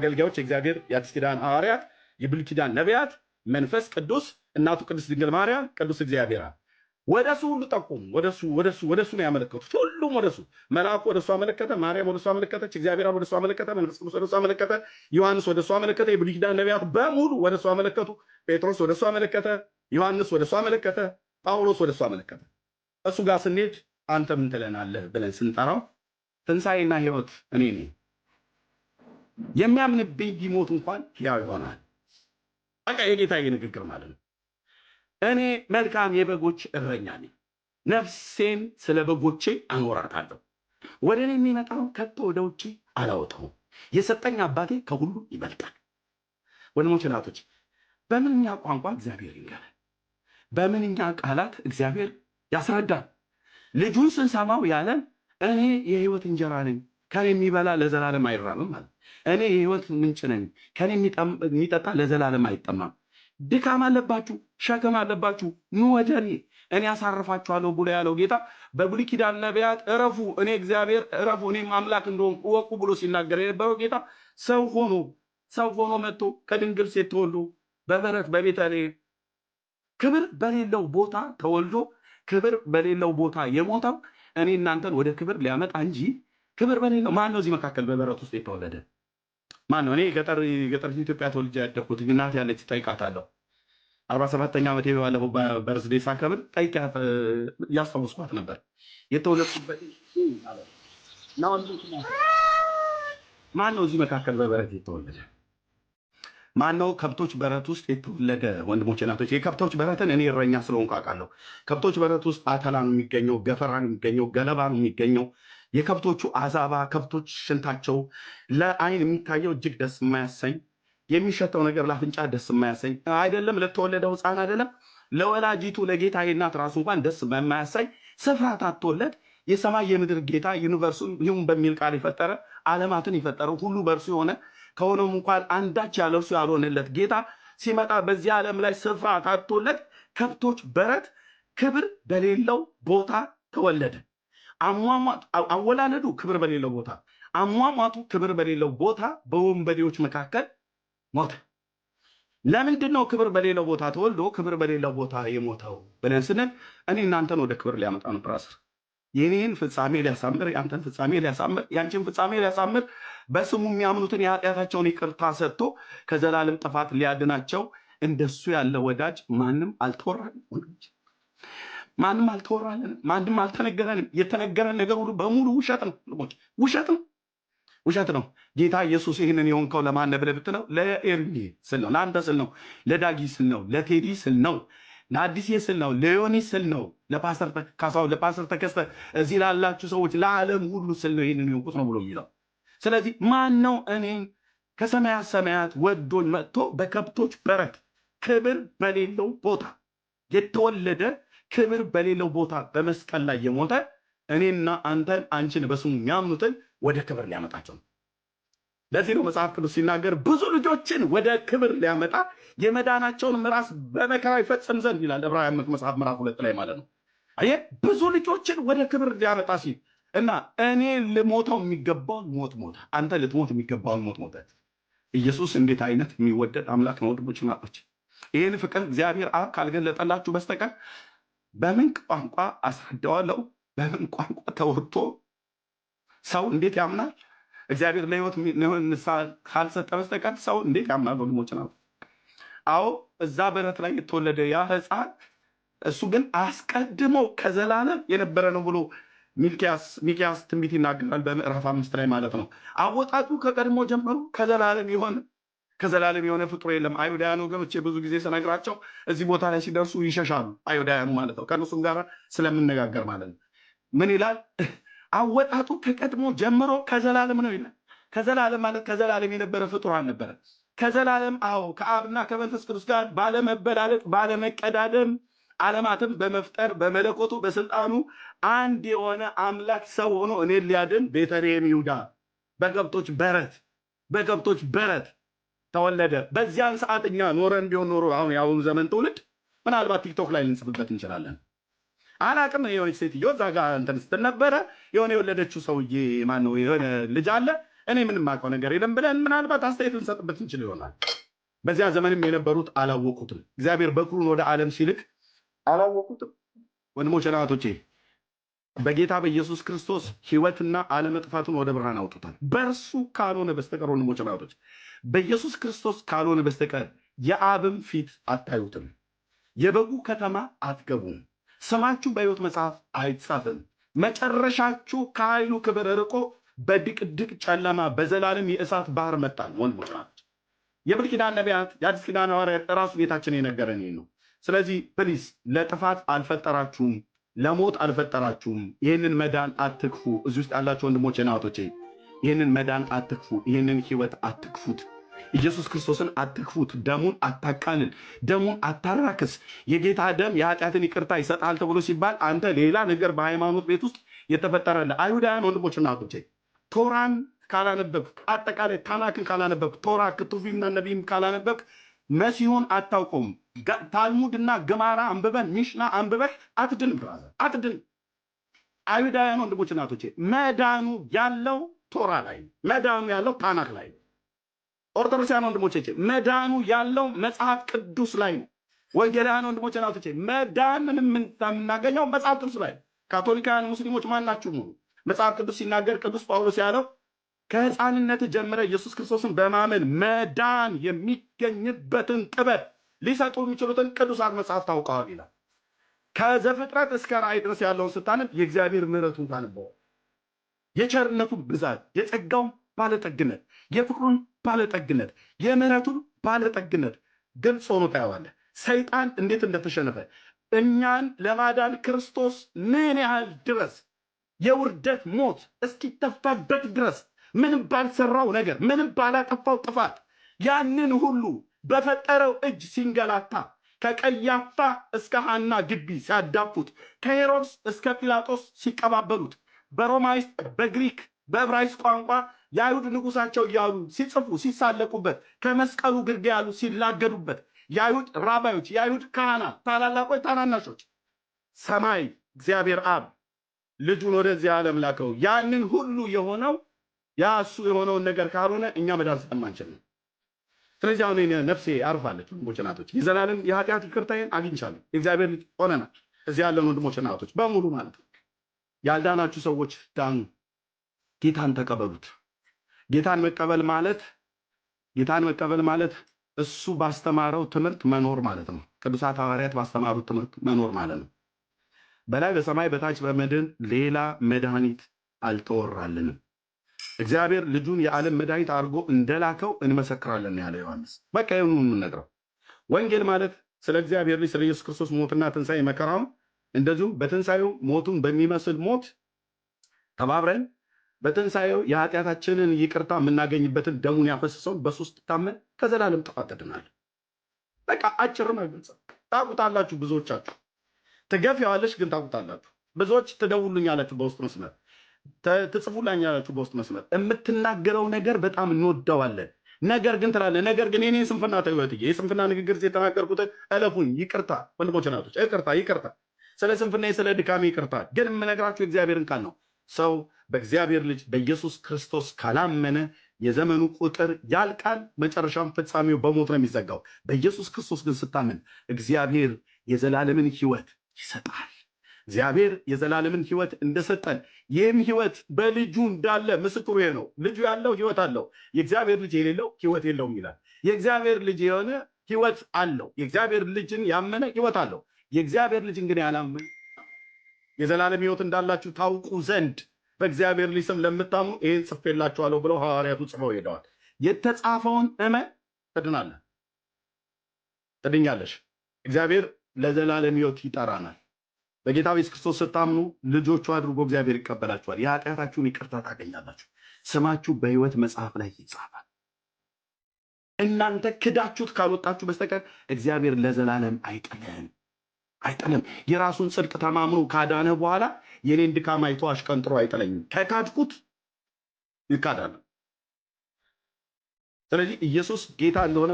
አገልጋዮች እግዚአብሔር የአዲስ ኪዳን ሐዋርያት፣ የብሉይ ኪዳን ነቢያት፣ መንፈስ ቅዱስ፣ እናቱ ቅድስት ድንግል ማርያም፣ ቅዱስ እግዚአብሔር ወደሱ ሁሉ ጠቁሙ። ወደሱ ወደሱ ወደሱ ነው ያመለከቱት። ሁሉም ወደሱ መልአኩ ወደሱ አመለከተ፣ ማርያም ወደሱ አመለከተች፣ እግዚአብሔር ወደሱ አመለከተ፣ መንፈስ ቅዱስ ወደሱ አመለከተ፣ ዮሐንስ ወደሱ አመለከተ። የብሉይ ኪዳን ነቢያት በሙሉ ወደሱ አመለከቱ። ጴጥሮስ ወደሱ አመለከተ፣ ዮሐንስ ወደሱ አመለከተ፣ ጳውሎስ ወደሱ አመለከተ። እሱ ጋር ስንሄድ አንተ ምን ትለናለህ ብለን ስንጠራው ትንሣኤና ሕይወት እኔ ነኝ የሚያምንብኝ ቢሞት እንኳን ያው ይሆናል። በቃ የጌታ ንግግር ማለት ነው። እኔ መልካም የበጎች እረኛ ነኝ፣ ነፍሴን ስለ በጎቼ አኖራታለሁ። ወደ እኔ የሚመጣው ከቶ ወደ ውጭ አላወጣውም። የሰጠኝ አባቴ ከሁሉ ይበልጣል። ወንድሞች እናቶች፣ በምንኛ ቋንቋ እግዚአብሔር ይንገራል? በምንኛ ቃላት እግዚአብሔር ያስረዳል? ልጁን ስንሰማው ያለን እኔ የህይወት እንጀራ ነኝ ከኔ የሚበላ ለዘላለም አይራብም ማለት እኔ የህይወት ምንጭ ነኝ። ከኔ የሚጠጣ ለዘላለም አይጠማም። ድካም አለባችሁ፣ ሸክም አለባችሁ፣ ኑ ወደ እኔ እኔ አሳርፋችኋለሁ ብሎ ያለው ጌታ በብሉይ ኪዳን ነቢያት እረፉ፣ እኔ እግዚአብሔር እረፉ፣ እኔ አምላክ እንደሆን እወቁ ብሎ ሲናገር የነበረው ጌታ ሰው ሆኖ ሰው ሆኖ መጥቶ ከድንግል ሴት ተወልዶ በበረት በቤተልሔም ክብር በሌለው ቦታ ተወልዶ ክብር በሌለው ቦታ የሞተው እኔ እናንተን ወደ ክብር ሊያመጣ እንጂ ክብር በኔ ነው። ማን ነው እዚህ መካከል በበረት ውስጥ የተወለደ ማን ነው? እኔ ገጠር ገጠር ኢትዮጵያ ተወልጄ ያደግኩት እናት ያለች ጠይቃታለሁ። አርባ ሰባተኛ ዓመቴ ባለፈው በርዝዴ ሳከብር ጠይቃ ያስታውስኳት ነበር የተወለድኩበት እና ማን ነው እዚህ መካከል በበረት የተወለደ ማን ነው ከብቶች በረት ውስጥ የተወለደ? ወንድሞች ናቶች፣ የከብቶች በረትን እኔ እረኛ ስለሆንኩ አውቃለሁ። ከብቶች በረት ውስጥ አተላ ነው የሚገኘው፣ ገፈራ ነው የሚገኘው፣ ገለባ ነው የሚገኘው የከብቶቹ አዛባ፣ ከብቶች ሽንታቸው ለአይን የሚታየው እጅግ ደስ የማያሰኝ የሚሸተው ነገር ለአፍንጫ ደስ የማያሰኝ አይደለም፣ ለተወለደው ህፃን አይደለም ለወላጂቱ ለጌታ እናት ራሱ እንኳን ደስ የማያሰኝ ስፍራ ታትወለድ የሰማይ የምድር ጌታ ዩኒቨርሱ ይሁን በሚል ቃል የፈጠረ አለማትን የፈጠረ ሁሉ በእርሱ የሆነ ከሆነም እንኳን አንዳች ያለ እርሱ ያልሆነለት ጌታ ሲመጣ በዚህ ዓለም ላይ ስፍራ ታትቶለት ከብቶች በረት ክብር በሌለው ቦታ ተወለደ። አሟሟት አወላለዱ ክብር በሌለው ቦታ አሟሟቱ ክብር በሌለው ቦታ በወንበዴዎች መካከል ሞተ። ለምንድን ነው ክብር በሌለው ቦታ ተወልዶ ክብር በሌለው ቦታ የሞተው ብለን ስንል እኔ እናንተን ወደ ክብር ሊያመጣ ነው። ብራስር የኔን ፍጻሜ ሊያሳምር፣ ያንተን ፍጻሜ ሊያሳምር፣ ያንቺን ፍጻሜ ሊያሳምር በስሙ የሚያምኑትን የኃጢአታቸውን ይቅርታ ሰጥቶ ከዘላለም ጥፋት ሊያድናቸው እንደሱ ያለ ወዳጅ ማንም አልተወራም። ማንም አልተወራለንም፣ ማንም አልተነገረንም። የተነገረን ነገር ሁሉ በሙሉ ውሸት ነው። ልቦች ውሸት ነው፣ ውሸት ነው። ጌታ ኢየሱስ ይህንን የሆንከው ለማን ብለህ ብትለው ለኤርሚ ስል ነው፣ ለአንተ ስል ነው፣ ለዳጊ ስል ነው፣ ለቴዲ ስል ነው፣ ለአዲስ ስል ነው፣ ለዮኒ ስል ነው፣ ለፓስተር ካሳው፣ ለፓስተር ተከስተ፣ እዚህ ላላችሁ ሰዎች፣ ለዓለም ሁሉ ስል ነው ይህንን የሆንኩት ነው ብሎ የሚለው ስለዚህ ማን ነው እኔ ከሰማያት ሰማያት ወዶን መጥቶ በከብቶች በረት ክብር በሌለው ቦታ የተወለደ ክብር በሌለው ቦታ በመስቀል ላይ የሞተ እኔና አንተን አንቺን በሱ የሚያምኑትን ወደ ክብር ሊያመጣቸው ነው። ለዚህ ነው መጽሐፍ ቅዱስ ሲናገር ብዙ ልጆችን ወደ ክብር ሊያመጣ የመዳናቸውን ምራስ በመከራ ይፈጽም ዘንድ ይላል። ዕብራውያን መጽሐፍ ምዕራፍ ሁለት ላይ ማለት ነው። አየህ ብዙ ልጆችን ወደ ክብር ሊያመጣ ሲል እና እኔ ልሞተው የሚገባውን ሞት ሞተ፣ አንተ ልትሞት የሚገባውን ሞት ሞተ። ኢየሱስ እንዴት አይነት የሚወደድ አምላክ ነው ወንድሞች ናቶች። ይህን ፍቅር እግዚአብሔር አብ ካልገለጠላችሁ በስተቀር በምን ቋንቋ አስረዳዋለው በምን ቋንቋ ተወጥቶ ሰው እንዴት ያምናል? እግዚአብሔር ለህይወት ንሳ ካልሰጠ በስተቀር ሰው እንዴት ያምናል? ወንድሞች ነው። አዎ እዛ በረት ላይ የተወለደ ያ ህፃን እሱ ግን አስቀድሞ ከዘላለም የነበረ ነው ብሎ ሚኪያስ ትንቢት ይናገራል። በምዕራፍ አምስት ላይ ማለት ነው። አወጣጡ ከቀድሞ ጀምሮ ከዘላለም የሆነ ከዘላለም የሆነ ፍጡር የለም። አይሁዳያኑ ገብቼ ብዙ ጊዜ ስነግራቸው እዚህ ቦታ ላይ ሲደርሱ ይሸሻሉ። አይሁዳያኑ ማለት ነው፣ ከእነሱም ጋር ስለምነጋገር ማለት ነው። ምን ይላል? አወጣጡ ከቀድሞ ጀምሮ ከዘላለም ነው ይላል። ከዘላለም ማለት ከዘላለም የነበረ ፍጡር አልነበረ። ከዘላለም አዎ፣ ከአብና ከመንፈስ ቅዱስ ጋር ባለመበላለጥ ባለመቀዳደም ዓለማትን በመፍጠር በመለኮቱ በስልጣኑ አንድ የሆነ አምላክ ሰው ሆኖ እኔን ሊያድን ቤተልሔም ይሁዳ በከብቶች በረት በከብቶች በረት ተወለደ። በዚያን ሰዓት እኛ ኖረን ቢሆን ኖሮ አሁን የአሁኑ ዘመን ትውልድ ምናልባት ቲክቶክ ላይ ልንጽፍበት እንችላለን። አላቅም። የሆነች ሴትዮ እዛ ጋ እንትን ስትል ነበረ። የሆነ የወለደችው ሰውዬ ማነው የሆነ ልጅ አለ እኔ ምንም አውቀው ነገር የለም ብለን ምናልባት አስተያየት ልንሰጥበት እንችል ይሆናል። በዚያ ዘመንም የነበሩት አላወቁትም። እግዚአብሔር በኩሩን ወደ ዓለም ሲልክ አላወቁትም። ወንድሞቼ እህቶቼ በጌታ በኢየሱስ ክርስቶስ ህይወትና አለመጥፋትን ወደ ብርሃን አውጥቷል። በእርሱ ካልሆነ በስተቀር ወንድሞች አባቶች፣ በኢየሱስ ክርስቶስ ካልሆነ በስተቀር የአብም ፊት አታዩትም፣ የበጉ ከተማ አትገቡም፣ ስማችሁ በሕይወት መጽሐፍ አይጻፍም። መጨረሻችሁ ከኃይሉ ክብር ርቆ በድቅድቅ ጨለማ በዘላለም የእሳት ባህር መጣል። ወንድሞች አባቶች፣ የብሉይ ኪዳን ነቢያት፣ የአዲስ ኪዳን ሐዋርያት ራሱ ጌታችን የነገረን ነው። ስለዚህ ፕሊስ ለጥፋት አልፈጠራችሁም ለሞት አልፈጠራችሁም። ይህንን መዳን አትክፉ። እዚህ ውስጥ ያላችሁ ወንድሞች እና እህቶቼ ይህንን መዳን አትክፉ። ይህንን ህይወት አትክፉት። ኢየሱስ ክርስቶስን አትክፉት። ደሙን አታቃልል። ደሙን አታራክስ። የጌታ ደም የኃጢአትን ይቅርታ ይሰጣል ተብሎ ሲባል አንተ ሌላ ነገር በሃይማኖት ቤት ውስጥ የተፈጠረለ አይሁዳውያን ወንድሞችና እህቶቼ ቶራን ካላነበብክ አጠቃላይ ታናክን ካላነበብክ ቶራ ክቱፊምና ነቢይም ካላነበብክ መሲሁን አታውቀውም። ታልሙድና ገማራ አንብበን ሚሽና አንብበህ አትድን፣ አትድን። አይሁዳውያን ወንድሞች እናቶቼ፣ መዳኑ ያለው ቶራ ላይ መዳኑ ያለው ታናክ ላይ ነው። ወንድሞቼ መዳኑ ያለው መጽሐፍ ቅዱስ ላይ ነው። ወንጌላውያን ወንድሞች እናቶቼ መዳንን የምናገኘው መጽሐፍ ቅዱስ ላይ ነው። ካቶሊካውያን ሙስሊሞች ማናችሁ መጽሐፍ ቅዱስ ሲናገር ቅዱስ ጳውሎስ ያለው ከህፃንነት ጀምረ ኢየሱስ ክርስቶስን በማመን መዳን የሚገኝበትን ጥበብ ሊሰጡ የሚችሉትን ቅዱሳት መጽሐፍ ታውቀዋል ይላል። ከዘፍጥረት እስከ ራእይ ድረስ ያለውን ስታነብ የእግዚአብሔር ምሕረቱን ታነበዋል። የቸርነቱን ብዛት፣ የጸጋውን ባለጠግነት፣ የፍቅሩን ባለጠግነት፣ የምሕረቱን ባለጠግነት ግልጽ ሆኖ ታየዋለ። ሰይጣን እንዴት እንደተሸነፈ እኛን ለማዳን ክርስቶስ ምን ያህል ድረስ የውርደት ሞት እስኪተፋበት ድረስ ምንም ባልሰራው ነገር ምንም ባላጠፋው ጥፋት ያንን ሁሉ በፈጠረው እጅ ሲንገላታ ከቀያፋ እስከ ሃና ግቢ ሲያዳፉት ከሄሮድስ እስከ ጲላጦስ ሲቀባበሉት በሮማይስ በግሪክ በብራይስ ቋንቋ የአይሁድ ንጉሳቸው እያሉ ሲጽፉ ሲሳለቁበት ከመስቀሉ ግርጌ ያሉ ሲላገዱበት የአይሁድ ራባዮች የአይሁድ ካህናት ታላላቆች ታናናሾች ሰማይ እግዚአብሔር አብ ልጁን ወደዚህ ዓለም ላከው ያንን ሁሉ የሆነው ያ እሱ የሆነውን ነገር ካልሆነ እኛ መዳን ስለማንችልም። ስለዚህ አሁን ነፍሴ አርፋለች። ወንድሞች እናቶች፣ የዘላለም የኃጢአት ይቅርታዬን አግኝቻለሁ። እግዚአብሔር ልጅ ሆነና እዚህ ያለን ወንድሞች እናቶች በሙሉ ማለት ነው። ያልዳናችሁ ሰዎች ዳኑ፣ ጌታን ተቀበሉት። ጌታን መቀበል ማለት ጌታን መቀበል ማለት እሱ ባስተማረው ትምህርት መኖር ማለት ነው። ቅዱሳት ሐዋርያት ባስተማሩት ትምህርት መኖር ማለት ነው። በላይ በሰማይ በታች በምድር ሌላ መድኃኒት አልተወራልንም። እግዚአብሔር ልጁን የዓለም መድኃኒት አድርጎ እንደላከው እንመሰክራለን ያለ ዮሐንስ በቃ ይሁኑ የምንነግረው። ወንጌል ማለት ስለ እግዚአብሔር ልጅ ስለ ኢየሱስ ክርስቶስ ሞትና ትንሣኤ መከራውን፣ እንደዚሁም በትንሣኤው ሞቱን በሚመስል ሞት ተባብረን በትንሣኤው የኃጢአታችንን ይቅርታ የምናገኝበትን ደሙን ያፈስሰውን በሶስት ታመን ከዘላለም ጥፋት ድናለን። በቃ አጭርም አይገልጽ። ታውቁታላችሁ፣ ብዙዎቻችሁ ትገፊዋለሽ፣ ግን ታውቁታላችሁ። ብዙዎች ትደውሉኛላችሁ በውስጥ መስመር ትጽፉላኛላችሁ በውስጥ መስመር የምትናገረው ነገር በጣም እንወደዋለን። ነገር ግን ትላለ ነገር ግን የኔ ስንፍና ተወትዬ የስንፍና ንግግር የተናገርኩት እለፉኝ። ይቅርታ ወንድሞች ናቶች፣ ይቅርታ ይቅርታ፣ ስለ ስንፍና ስለ ድካሜ ይቅርታ። ግን የምነግራችሁ እግዚአብሔርን ቃል ነው። ሰው በእግዚአብሔር ልጅ በኢየሱስ ክርስቶስ ካላመነ የዘመኑ ቁጥር ያልቃል፣ መጨረሻም ፍጻሜው በሞት ነው የሚዘጋው። በኢየሱስ ክርስቶስ ግን ስታምን እግዚአብሔር የዘላለምን ህይወት ይሰጣል። እግዚአብሔር የዘላለምን ህይወት እንደሰጠን ይህም ህይወት በልጁ እንዳለ ምስክሩ ነው። ልጁ ያለው ህይወት አለው፣ የእግዚአብሔር ልጅ የሌለው ህይወት የለውም ይላል። የእግዚአብሔር ልጅ የሆነ ህይወት አለው፣ የእግዚአብሔር ልጅን ያመነ ህይወት አለው። የእግዚአብሔር ልጅ እንግዲህ ያላመነ የዘላለም ህይወት እንዳላችሁ ታውቁ ዘንድ በእግዚአብሔር ልጅ ስም ለምታምኑ ይህን ጽፌላችኋለሁ ብለው ሐዋርያቱ ጽፈው ሄደዋል። የተጻፈውን እመን ትድናለህ፣ ትድኛለሽ። እግዚአብሔር ለዘላለም ህይወት ይጠራናል። በጌታ በኢየሱስ ክርስቶስ ስታምኑ ልጆቹ አድርጎ እግዚአብሔር ይቀበላችኋል። የኃጢአታችሁን ይቅርታ ታገኛላችሁ። ስማችሁ በሕይወት መጽሐፍ ላይ ይጻፋል። እናንተ ክዳችሁት ካልወጣችሁ በስተቀር እግዚአብሔር ለዘላለም አይጥልም አይጥልም። የራሱን ጽድቅ ተማምኖ ካዳነ በኋላ የኔን ድካም አይቶ አሽቀንጥሮ አይጥለኝም። ከካድኩት ይካዳል። ስለዚህ ኢየሱስ ጌታ እንደሆነ